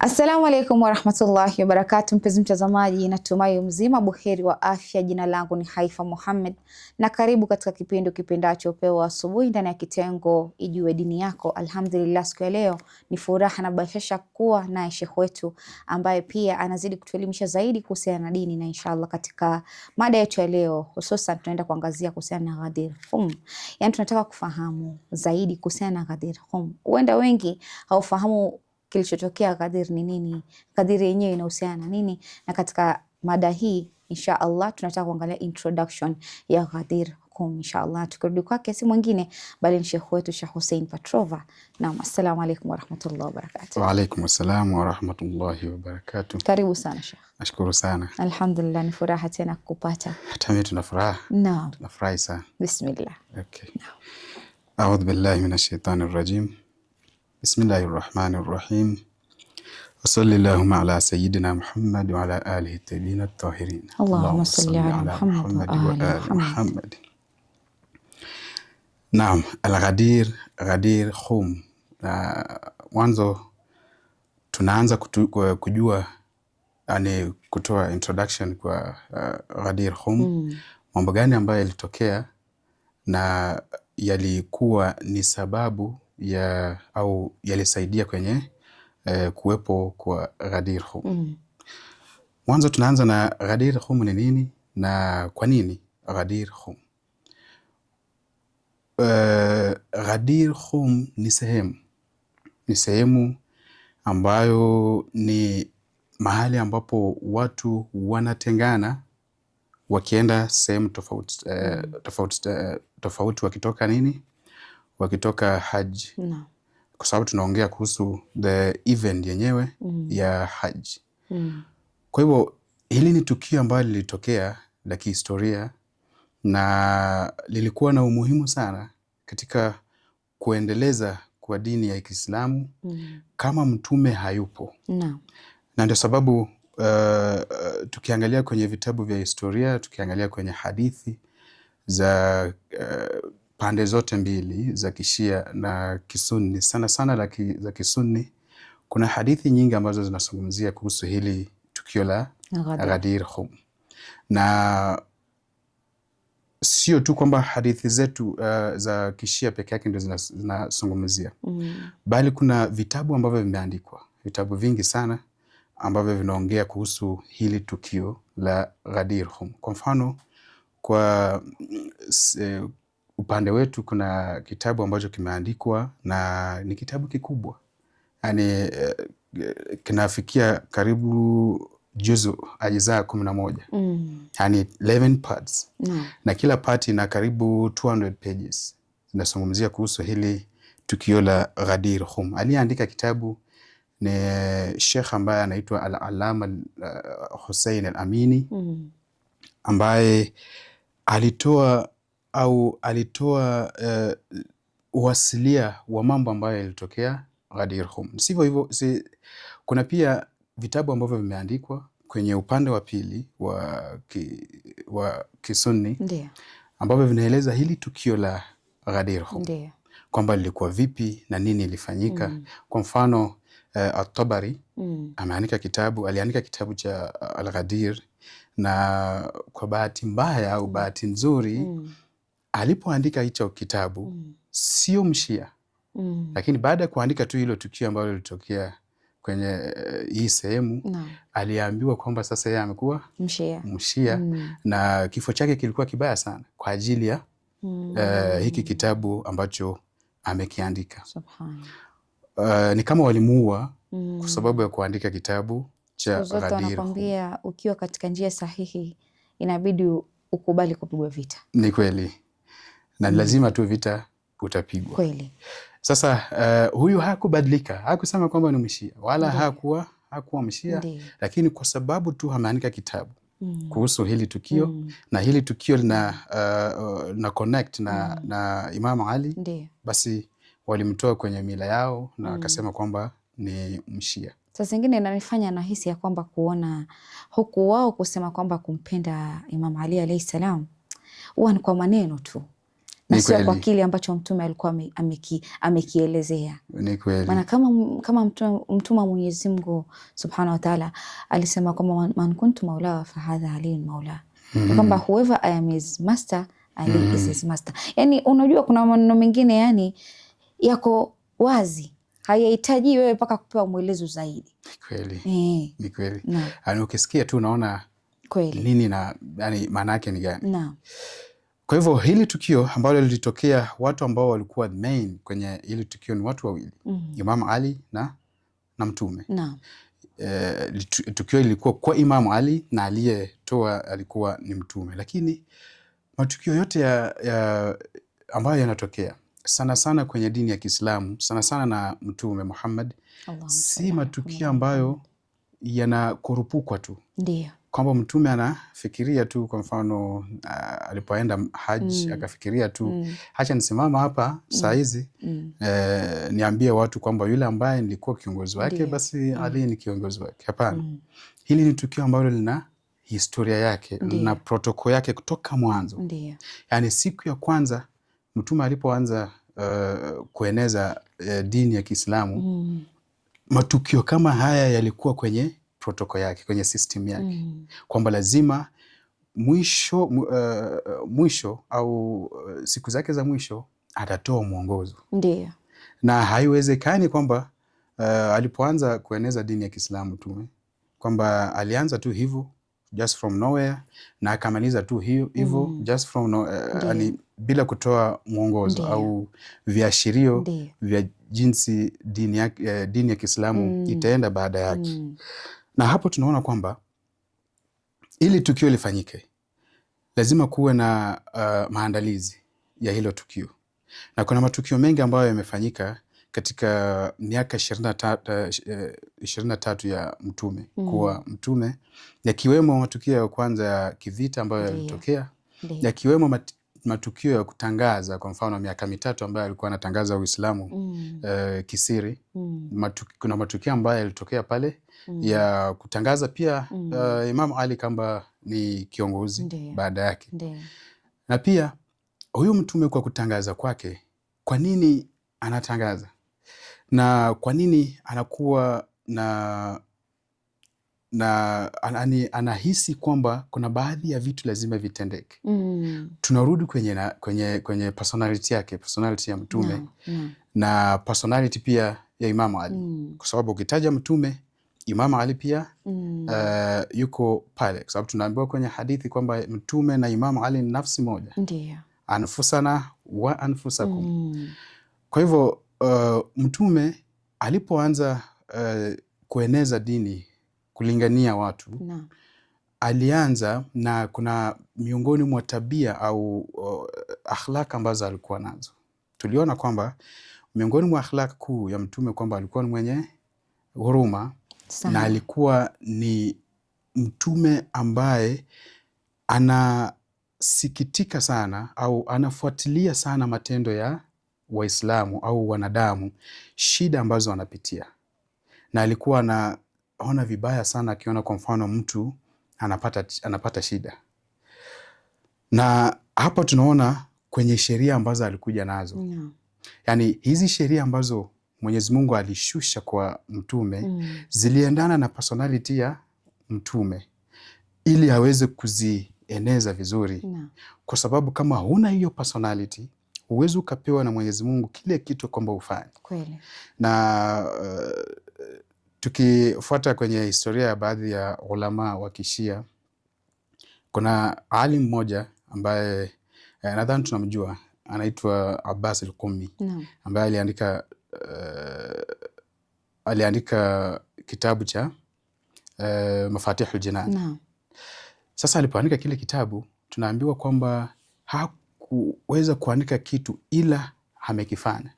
Assalamu alaikum warahmatullahi wabarakatu, mpenzi mtazamaji, natumai mzima buheri wa afya. Jina langu ni Haifa Muhammad na karibu katika kipindi ukipendacho Upeo Asubuhi ndani ya kitengo Ijue Dini Yako. Alhamdulillah, siku ya leo ni furaha na bashasha kuwa naye Sheikh wetu ambaye pia anazidi kutuelimisha zaidi kuhusiana na dini, na inshallah katika mada yetu ya leo hususan tunaenda kuangazia kuhusiana na Ghadir Hum. Yani tunataka kufahamu zaidi kuhusiana na Ghadir Hum. Huenda wengi haufahamu kilichotokea Ghadir ni nini, Ghadir yenyewe inahusiana na nini, na katika mada hii insha Allah tunataka kuangalia introduction ya Ghadir Hum. Insha Allah tukirudi kwake si mwingine bali ni shekhu wetu Shekh Hussein Patrova. Naam, assalamu alaikum warahmatullahi wabarakatuh. Wa alaykum assalam warahmatullahi wabarakatuh. Karibu sana Shekh. Nashukuru sana. Alhamdulillah, ni furaha tena kukupata. Hata mimi tuna furaha. Naam. Tunafurahi sana. Bismillah. Okay. Naam. A'udhu billahi minash shaitani rrajim. Bismillahi rahmani rahim. Wasalli llahuma ala sayidina Muhammad wa ala alihi tayyibin tahirin. Allahumma salli ala Muhammad wa ala Muhammad. Naam, Al-Ghadir Ghadir Hum. Mwanzo tunaanza kutu, kujua yani kutoa introduction kwa uh, Ghadir Hum mm. Mambo gani ambayo yalitokea na yalikuwa ni sababu ya au yalisaidia kwenye eh, kuwepo kwa Ghadir mm. Mwanzo Mm. tunaanza na Ghadir Hum ni nini na kwa nini Ghadir Hum? Uh, eh, Ghadir Hum ni sehemu ni sehemu ambayo ni mahali ambapo watu wanatengana wakienda sehemu tofauti, uh, tofauti, uh, tofauti wakitoka nini wakitoka haji no. kwa sababu tunaongea kuhusu the event yenyewe mm. ya haji mm. kwa hivyo hili ni tukio ambalo lilitokea la kihistoria na lilikuwa na umuhimu sana katika kuendeleza kwa dini ya Kiislamu mm. kama mtume hayupo no. na ndio sababu uh, uh, tukiangalia kwenye vitabu vya historia, tukiangalia kwenye hadithi za uh, pande zote mbili za kishia na kisunni, sana sana laki, za kisunni. Kuna hadithi nyingi ambazo zinazungumzia kuhusu hili tukio la Ghadir Hum, na sio tu kwamba hadithi zetu uh, za kishia peke yake ndio zinazungumzia mm, bali kuna vitabu ambavyo vimeandikwa, vitabu vingi sana ambavyo vinaongea kuhusu hili tukio la Ghadir Hum. Kwa mfano kwa eh, upande wetu kuna kitabu ambacho kimeandikwa na ni kitabu kikubwa, yani eh, kinafikia karibu juzu ajizaa kumi na moja mm. 11 yaani, parts mm. na kila part ina karibu 200 pages kuhusu hili tukio la Ghadir Hum. Aliyeandika kitabu ni eh, shekh ambaye anaitwa Al-Allama eh, Hussein Al-Amini mm. ambaye alitoa au alitoa uh, uasilia wa mambo ambayo yalitokea Khum. Sivyo hivyo si, kuna pia vitabu ambavyo vimeandikwa kwenye upande wa pili wa, ki, wa Kisunni ambavyo vinaeleza hili tukio la Khum kwamba lilikuwa vipi na nini ilifanyika. mm. kwa mfano uh, At-Tabari mm. ameandika kitabu, aliandika kitabu cha Al-Ghadir na kwa bahati mbaya au bahati nzuri mm alipoandika hicho kitabu mm. sio mshia mm. lakini baada ya kuandika tu hilo tukio ambalo lilitokea kwenye uh, hii sehemu no. aliambiwa kwamba sasa yeye amekuwa mshia, mshia. Mm. na kifo chake kilikuwa kibaya sana kwa ajili ya mm. uh, hiki kitabu ambacho amekiandika. Uh, ni kama walimuua mm. kwa sababu ya kuandika kitabu cha Ghadir. ukiwa katika njia sahihi inabidi ukubali kupigwa vita. Ni kweli na mm-hmm. lazima tu vita utapigwa kweli. Sasa uh, huyu hakubadilika, hakusema kwamba ni mshia wala hakuwa hakuwa mshia Ndi. Lakini kwa sababu tu ameandika kitabu mm. kuhusu hili tukio mm. na hili tukio lina uh, uh na connect na, mm. na Imam Ali Ndi. Basi walimtoa kwenye mila yao na mm. wakasema mm. kwamba ni mshia. Sasa ingine inanifanya nahisi ya kwamba kuona huku wao kusema kwamba kumpenda Imam Ali alaihi salam huwa ni kwa maneno tu na sio kwa kile ambacho mtume alikuwa amekielezea. Maana kama, kama mtume wa Mwenyezi Mungu subhanahu wa taala alisema kwamba man kuntu maulaa fahadha aliyun maulaa, mhm. kwamba whoever I am his master Ali mm. is mhm. his master. Yani unajua kuna maneno mengine yani yako wazi hayahitaji wewe mpaka kupewa mwelezo zaidi. Kweli. E. Ni kweli. Eh. Yaani ukisikia tu unaona kweli nini na yani maana yake ni gani? Naam. Kwa hivyo hili tukio ambalo lilitokea, watu ambao walikuwa main kwenye hili tukio ni watu wawili mm -hmm. Imam Ali na, na Mtume na. E, eh, tukio lilikuwa kwa Imam Ali na aliyetoa alikuwa ni Mtume, lakini matukio yote ya, ya ambayo yanatokea sana sana kwenye dini ya Kiislamu sana sana na Mtume Muhammad si matukio ambayo yanakurupukwa tu, ndio kwamba mtume anafikiria tu, kwa mfano uh, alipoenda haji mm. akafikiria tu mm. hacha nisimama hapa mm. saa hizi mm. eh, niambie watu kwamba yule ambaye nilikuwa kiongozi wake Dio. basi mm. Ali ni kiongozi wake? Hapana mm. hili ni tukio ambalo lina historia yake Dio. na protoko yake kutoka mwanzo, yaani siku ya kwanza mtume alipoanza uh, kueneza uh, dini ya Kiislamu mm. matukio kama haya yalikuwa kwenye protoko yake kwenye system yake mm. kwamba lazima mwisho uh, mwisho au uh, siku zake za mwisho atatoa mwongozo ndio, na haiwezekani kwamba uh, alipoanza kueneza dini ya Kiislamu tu kwamba alianza tu hivyo just from nowhere na akamaliza tu hivyo mm. just from no, uh, ani, bila kutoa mwongozo au viashirio vya jinsi dini ya, uh, dini ya Kiislamu mm. itaenda baada yake mm. Na hapo tunaona kwamba ili tukio lifanyike lazima kuwe na uh, maandalizi ya hilo tukio, na kuna matukio mengi ambayo yamefanyika katika miaka ishirini na eh, tatu, ya mtume mm kuwa mtume, yakiwemo matukio ya kwanza ya kivita ambayo yalitokea, yakiwemo matukio ya kutangaza, kwa mfano miaka mitatu ambayo alikuwa anatangaza Uislamu mm. uh, kisiri mm. Matu, kuna matukio ambayo yalitokea pale mm. ya kutangaza pia mm. uh, Imam Ali kamba ni kiongozi baada yake, na pia huyu mtume kwa kutangaza kwake, kwa nini anatangaza na kwa nini anakuwa na na anani, anahisi kwamba kuna baadhi ya vitu lazima vitendeke. mm. Tunarudi kwenye, na, kwenye, kwenye personality yake, personality ya Mtume no, no. na personality pia ya Imamu Ali mm. kwa sababu ukitaja Mtume Imamu Ali pia mm. uh, yuko pale kwa sababu tunaambiwa kwenye hadithi kwamba Mtume na Imamu Ali ni nafsi moja, ndio anfusana wa anfusakum mm. kwa hivyo uh, Mtume alipoanza uh, kueneza dini kulingania watu na. Alianza na kuna miongoni mwa tabia au uh, akhlaq ambazo alikuwa nazo, tuliona kwamba miongoni mwa akhlaq kuu ya mtume kwamba alikuwa ni mwenye huruma na alikuwa ni mtume ambaye anasikitika sana au anafuatilia sana matendo ya Waislamu au wanadamu, shida ambazo wanapitia, na alikuwa na ona vibaya sana akiona kwa mfano mtu anapata, anapata shida. Na hapa tunaona kwenye sheria ambazo alikuja nazo yeah. Yani hizi sheria ambazo Mwenyezi Mungu alishusha kwa mtume mm. ziliendana na personality ya mtume ili aweze kuzieneza vizuri yeah. Kwa sababu kama huna hiyo personality huwezi ukapewa na Mwenyezi Mungu kile kitu kwamba ufanye kweli. Na uh, Tukifuata kwenye historia ya baadhi ya ulama wa Kishia, kuna alim mmoja ambaye eh, nadhani tunamjua anaitwa Abbas al no. ambaye aliandika uh, aliandika kitabu cha uh, Mafatihul Jinan no. Sasa alipoandika kile kitabu, tunaambiwa kwamba hakuweza kuandika kitu ila amekifanya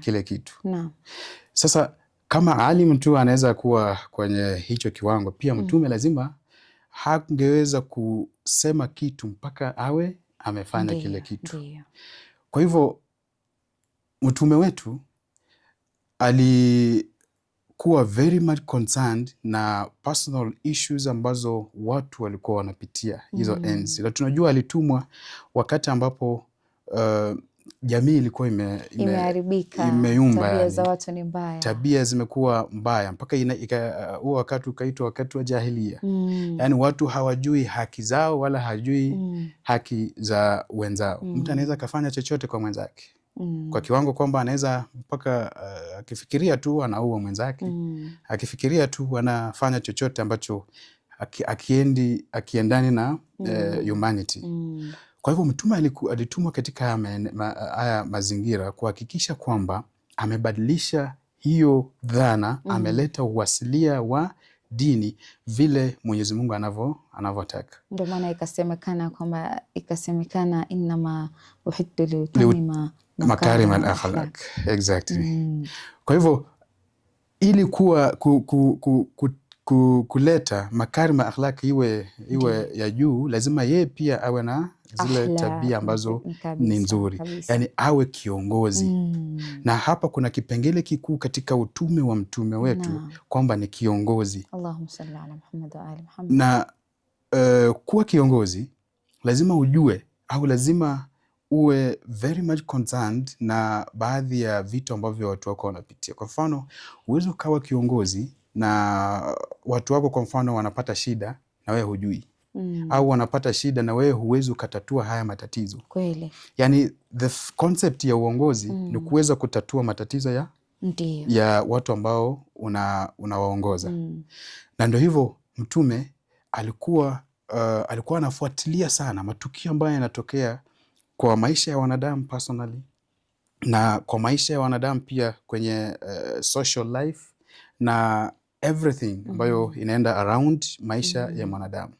kile kitu no. Sasa kama alim tu anaweza kuwa kwenye hicho kiwango, pia mm. mtume mm. lazima hangeweza kusema kitu mpaka awe amefanya ndiyo, kile kitu ndiyo. Kwa hivyo mtume wetu alikuwa very much concerned na personal issues ambazo watu walikuwa wanapitia hizo mm. enzi, na tunajua alitumwa wakati ambapo uh, jamii ilikuwa ime, ime, imeharibika, imeumba, Tabia za watu ni mbaya, tabia zimekuwa mbaya mpaka uh, huo uh, wakati ukaitwa wakati wa jahilia mm. Yaani watu hawajui haki zao wala hajui mm. haki za wenzao mm. Mtu anaweza akafanya chochote kwa mwenzake mm. kwa kiwango kwamba anaweza mpaka uh, akifikiria tu anaua mwenzake mm. akifikiria tu anafanya chochote ambacho akiendi akiendani na mm. uh, humanity mm. Kwa hivyo mtume alitumwa katika haya ma, mazingira kuhakikisha kwamba amebadilisha hiyo dhana mm. ameleta uwasilia wa dini vile Mwenyezi Mungu anavyo anavyotaka. Ndio maana ikasemekana kwamba ikasemekana innama uhiddu liutamima makarima al-akhlaq. Exactly. Mm. Kwa hivyo ili kuwa ku, ku, ku, ku, kuleta makarima akhlaki iwe, iwe ya juu, lazima yeye pia awe na zile Ahla, tabia ambazo ni nzuri kabisa. Yani awe kiongozi mm. Na hapa kuna kipengele kikuu katika utume wa mtume wetu kwamba ni kiongozi Allahumma salli ala Muhammad wa ali Muhammad. Na uh, kuwa kiongozi lazima ujue au lazima uwe very much concerned na baadhi ya vitu ambavyo watu wako wanapitia. Kwa mfano, huwezi ukawa kiongozi na watu wako kwa mfano wanapata shida na wewe hujui mm. au wanapata shida na wewe huwezi ukatatua haya matatizo kweli. Yani, the concept ya uongozi mm. ni kuweza kutatua matatizo ya, ndiyo. ya watu ambao unawaongoza una mm. na ndio hivyo Mtume alikuwa uh, alikuwa anafuatilia sana matukio ambayo yanatokea kwa maisha ya wanadamu personally na kwa maisha ya wanadamu pia kwenye uh, social life na everything ambayo mm -hmm. inaenda around maisha mm -hmm. ya mm-hmm. mwanadamu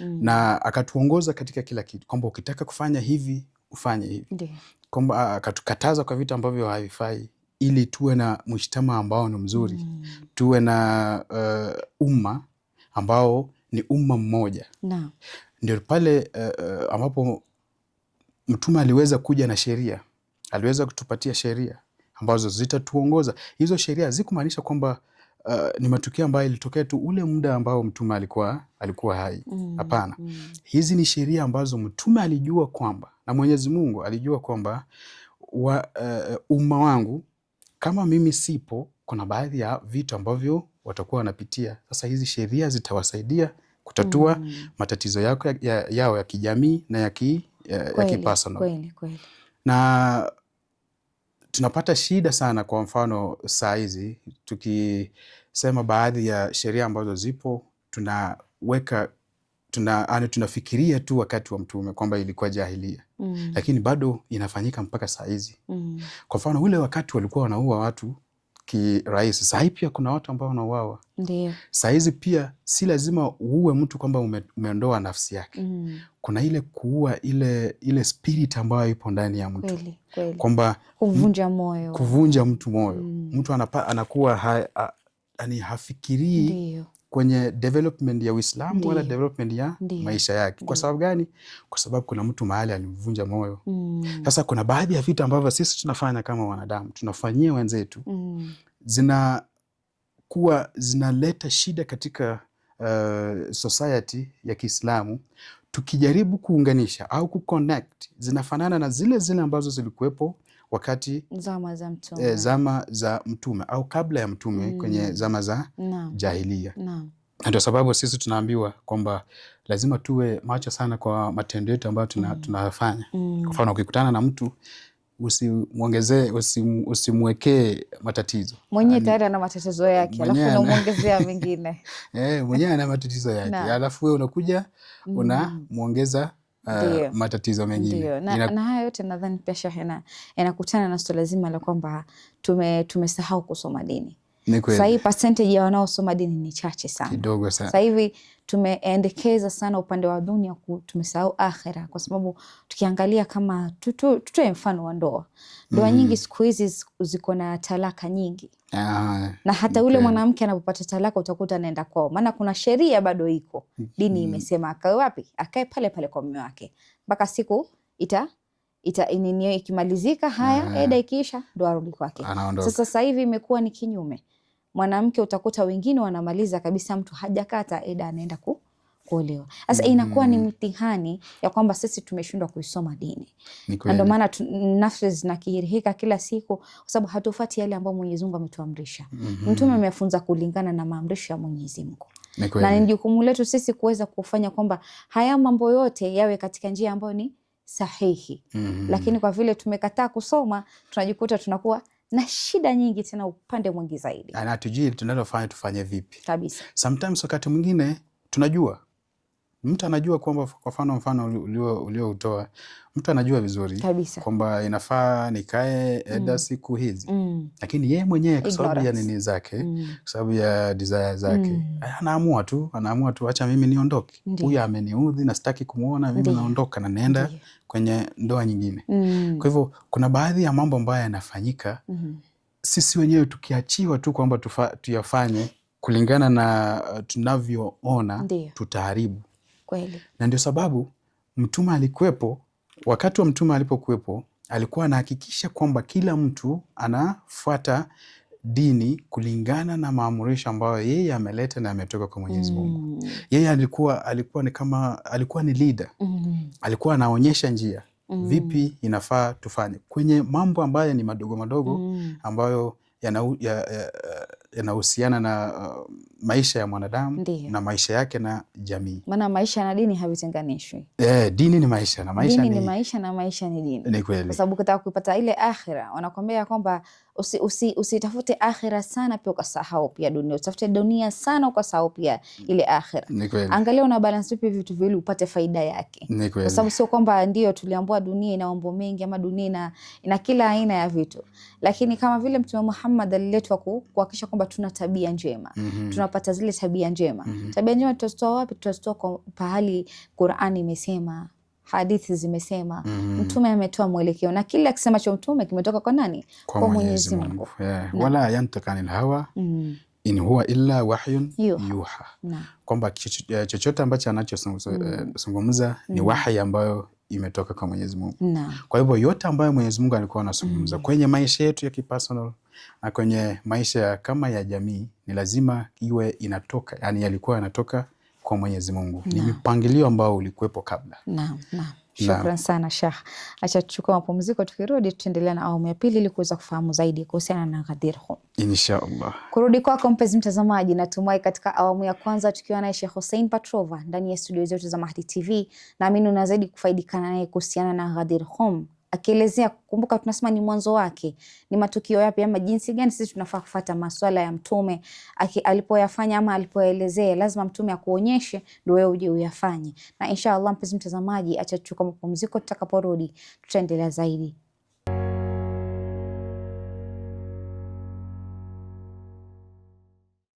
mm -hmm. na akatuongoza katika kila kitu kwamba ukitaka kufanya hivi ufanye hivi, kwamba akatukataza ah, kwa vitu ambavyo havifai ili tuwe na mshtama ambao ni mzuri mm. tuwe na uh, umma ambao ni umma mmoja Ndio pale uh, ambapo mtume aliweza kuja na sheria, aliweza kutupatia sheria ambazo zitatuongoza. Hizo sheria zikumaanisha kwamba uh, ni matukio ambayo ilitokea tu ule muda ambao mtume alikuwa alikuwa hai. Mm, Hapana, mm, mm. Hizi ni sheria ambazo mtume alijua kwamba na Mwenyezi Mungu alijua kwamba wa, uh, umma wangu kama mimi sipo, kuna baadhi ya vitu ambavyo watakuwa wanapitia. Sasa hizi sheria zitawasaidia kutatua mm. matatizo yako ya, ya, ya kijamii na ya, ki, eh, ya, ya kipersonal na tunapata shida sana. Kwa mfano saa hizi tukisema baadhi ya sheria ambazo zipo tunaweka tuna, yaani tunafikiria tu wakati wa Mtume kwamba ilikuwa jahilia mm. Lakini bado inafanyika mpaka saa hizi mm. Kwa mfano ule wakati walikuwa wanaua watu kirahisi, saa hii pia kuna watu ambao wanauawa. Ndio saa hizi pia si lazima uue mtu kwamba ume, umeondoa nafsi yake mm kuna ile kuua ile ile spirit ambayo ipo ndani ya mtu kwamba kuvunja moyo, kuvunja mtu moyo mm. Mtu anapa, anakuwa ha, ha, ani hafikirii Ndiyo. kwenye development ya Uislamu wala development ya Ndiyo. maisha yake Kwa sababu gani? Kwa sababu kuna mtu mahali alimvunja moyo mm. Sasa kuna baadhi ya vitu ambavyo sisi tunafanya kama wanadamu tunafanyia wenzetu mm. zinakuwa zinaleta shida katika uh, society ya Kiislamu tukijaribu kuunganisha au kuconnect zinafanana na zile zile ambazo zilikuwepo wakati zama za mtume, e, zama za mtume au kabla ya mtume mm. kwenye zama za no. jahilia na ndio sababu sisi tunaambiwa kwamba lazima tuwe macho sana kwa matendo yetu ambayo tuna, mm. tunayafanya mm. kwa mfano ukikutana na mtu usimwongezee usimwekee matatizo. Mwenyewe tayari ana matatizo yake, alafu unamwongezea mengine. Eh, mwenyewe ana matatizo yake, alafu wewe unakuja mm-hmm. unamwongeza Uh, matatizo mengine na, Ina... na haya yote nadhani pia shehena yanakutana na swala zima la kwamba tume tumesahau kusoma dini. Sasa hii percentage ya wanaosoma dini ni chache sana, kidogo sana. Sasa hivi tumeendekeza sana upande wa dunia, tumesahau akhera, kwa sababu tukiangalia kama tutoe tuto mfano wa ndoa ndoa mm. nyingi siku hizi ziko na talaka nyingi ah, na hata yule okay. mwanamke anapopata talaka utakuta anaenda kwao, maana kuna sheria bado iko dini mm. imesema akae wapi? Akae pale pale kwa mume wake mpaka siku ita ita inenio ikimalizika, haya ah, eda ikiisha ndo arudi kwake. Sasa sasa hivi imekuwa ni kinyume mwanamke utakuta wengine wanamaliza kabisa, mtu hajakata eda anaenda ku kuolewa. Sasa mm inakuwa ni mtihani ya kwamba sisi tumeshindwa kuisoma dini, na ndio maana nafsi zinakihirika kila siku, kwa sababu hatufuati yale ambayo Mwenyezi Mungu ametuamrisha. mm -hmm. Mtume amefunza kulingana na maamrisho ya Mwenyezi Mungu na ni jukumu letu sisi kuweza kufanya kwamba haya mambo yote yawe katika njia ambayo ni sahihi. mm -hmm. Lakini kwa vile tumekataa kusoma, tunajikuta tunakuwa na shida nyingi tena upande mwingi zaidi, na hatujui tunalofanya tufanye vipi kabisa. Sometimes wakati mwingine tunajua mtu anajua kwamba kwa mfano mfano ulioutoa mtu anajua vizuri kwamba inafaa nikae mm. siku hizi mm. lakini yeye mwenyewe kwa sababu ya nini zake mm. kwa sababu ya desire zake mm. Eh, anaamua tu anaamua tu, acha mimi niondoke, huyu ameniudhi na sitaki kumwona mimi, naondoka na naenda kwenye ndoa nyingine mm. Kwa hivyo kuna baadhi ya mambo ambayo yanafanyika mm -hmm. Sisi wenyewe tukiachiwa tu kwamba tuyafanye kulingana na uh, tunavyoona tutaharibu na ndio sababu mtume alikuwepo. Wakati wa mtume alipokuwepo, alikuwa anahakikisha kwamba kila mtu anafuata dini kulingana na maamurisho ambayo yeye ameleta na ametoka kwa Mwenyezi mm. Mungu. Mm. Yeye alikuwa alikuwa ni kama alikuwa ni leader. Mm. Alikuwa anaonyesha njia mm. vipi inafaa tufanye kwenye mambo ambayo ni madogo madogo mm. ambayo yanahusiana ya, ya ya na uh, maisha ya mwanadamu Ndiyo. na maisha yake na jamii, maana maisha na dini havitenganishwi. Eh, dini ni maisha na maisha dini ni... ni maisha na maisha ni dini, ni kweli, kwa sababu ukitaka kuipata ile akhira wanakuambia kwamba usi, usi, usitafute akhira sana pia ukasahau pia dunia, utafute dunia sana ukasahau pia ile akhira. Angalia una balance vipi vitu viwili upate faida yake, kwa sababu sio kwamba ndio tuliambua dunia ina mambo mengi ama dunia ina, ina kila aina ya vitu, lakini kama vile Mtume Muhammad aliletwa kuhakikisha kwamba tuna tabia njema mm -hmm. tunapata zile tabia njema mm -hmm. tabia njema tutazitoa wapi? Tutazitoa kwa pahali Qur'ani imesema hadithi zimesema mm. Mtume ametoa mwelekeo na kila akisema cha Mtume kimetoka kwa nani? Kwa, kwa Mwenyezi Mungu. Yeah. wala yantiqu anil hawa mm. in huwa illa wahyun yuha, kwamba eh, chochote ambacho anachozungumza eh, mm. ni mm. wahi ambayo imetoka kwa Mwenyezi Mungu. Kwa hivyo yote ambayo Mwenyezi Mungu alikuwa anazungumza mm. kwenye maisha yetu ya kipersonal na kwenye maisha kama ya jamii ni lazima iwe inatoka, yani yalikuwa yanatoka kwa Mwenyezi Mungu. Ni mpangilio ambao ulikuwepo kabla. na, na. Shukran sana Sheikh. Acha tuchukua mapumziko, tukirudi tutaendelea na awamu ya pili ili kuweza kufahamu zaidi kuhusiana na Ghadir Hum. Kurudi kwako mpenzi mtazamaji, natumai katika awamu ya kwanza tukiwa naye Sheikh Hussein Patrova ndani ya studio zetu za Mahdi TV, naamini una zaidi kufaidikana naye kuhusiana na Ghadir akielezea kumbuka, tunasema ni mwanzo wake, ni matukio yapi ama jinsi gani sisi tunafaa kufuata maswala ya Mtume alipoyafanya ama alipoyaelezea, lazima Mtume akuonyeshe ndio wewe uje uyafanye. Na insha Allah, mpenzi mtazamaji, acha tuchukue mapumziko, tutakaporudi tutaendelea zaidi.